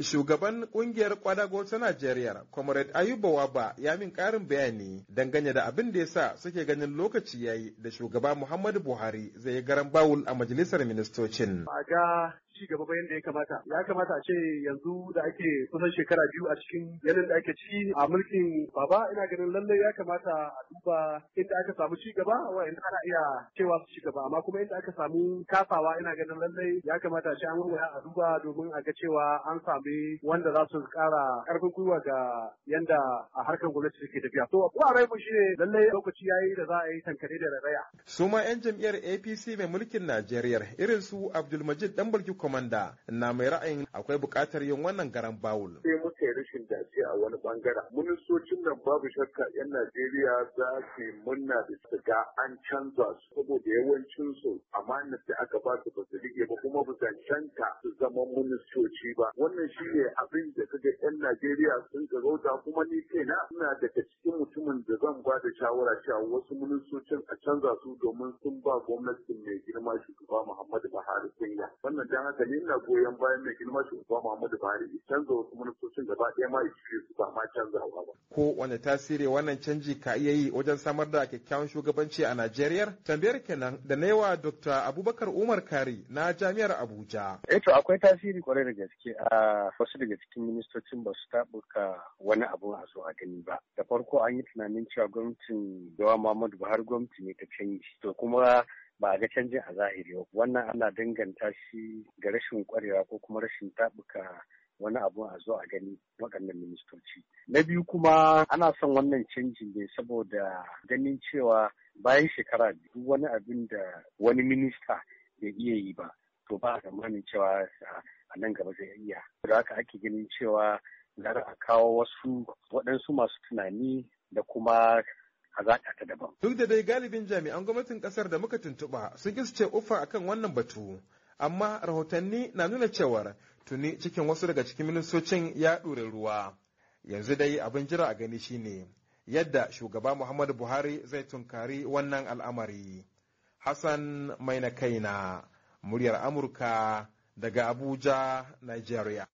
Shugaban kungiyar kwadago ta Najeriya, Comrade Ayuba Waba ya min karin bayani dangane da abin da ya sa suke ganin lokaci yayi da shugaba Muhammadu Buhari zai yi garan bawul a majalisar ministocin. Aga ci gaba bayan da ya kamata ya kamata a ce yanzu da ake kusan shekara biyu a cikin yanayin da ake ci a mulkin baba ina ganin lallai ya kamata a duba inda aka samu ci gaba wa inda ana iya cewa su ci gaba amma kuma inda aka samu kafawa ina ganin lallai ya kamata a ce an wurwaya a duba domin a ga cewa an samu abu wanda za su kara karfin gwiwa ga yanda a harkar gwamnati ke tafiya to ko a raimu shine lallai lokaci ya yi da za a yi tankare da raraya su ma yan jam'iyyar APC mai mulkin Najeriya irin su Abdulmajid Danbalki komanda na mai ra'ayin akwai buƙatar yin wannan garan bawul sai muka yi rashin dace a wani bangaren ministocin nan babu shakka yan Najeriya za su munna da su an canza su saboda yawancin su amanar da aka ba su ba su rike ba kuma ba su cancanta su zama ministoci ba wannan I ne abin Najeriya sun gagauta kuma ni kaina ina daga cikin mutumin da zan ba da shawara cewa wasu ministocin a canza su domin sun ba gwamnatin mai girma shugaba Muhammadu Buhari kunya. Wannan dan haka ne ina goyon bayan mai girma shugaba Muhammadu Buhari ya canza wasu ministocin gaba ɗaya ma ya su ba ma canzawa ba. Ko wane tasiri wannan canji ka iya yi wajen samar da kyakkyawan shugabanci a Najeriya? Tambayar kenan da na Dr. Abubakar Umar Kari na Jami'ar Abuja. Eh to akwai tasiri kwarai da gaske a wasu daga cikin ministocin ba su taɓuka wani abu a so a gani ba. Da farko an yi tunanin cewa gwamnatin Jawa Muhammadu Buhari gwamnati ne ta canji. To kuma ba a ga canjin a zahiri ba. Wannan ana danganta shi ga rashin kwarewa ko kuma rashin taɓuka wani abu a zo a gani waɗannan ministoci. Na biyu kuma ana son wannan canjin ne saboda ganin cewa bayan shekara duk wani abin da wani minista bai iya yi ba to ba a zamanin cewa a nan gaba zai iya. Da haka ake ganin cewa da a kawo wasu waɗansu masu tunani da kuma hazaƙa ta daban. Duk da dai galibin jami'an gwamnatin ƙasar da muka tuntuɓa sun ƙi su ce ufa akan wannan batu. Amma rahotanni na nuna cewar tuni cikin wasu daga cikin ministocin ya ɗure ruwa. Yanzu dai abin jira a gani shine yadda shugaba Muhammadu Buhari zai tunkari wannan al'amari. Hassan mai na Kaina, muryar Amurka daga Abuja, Nigeria.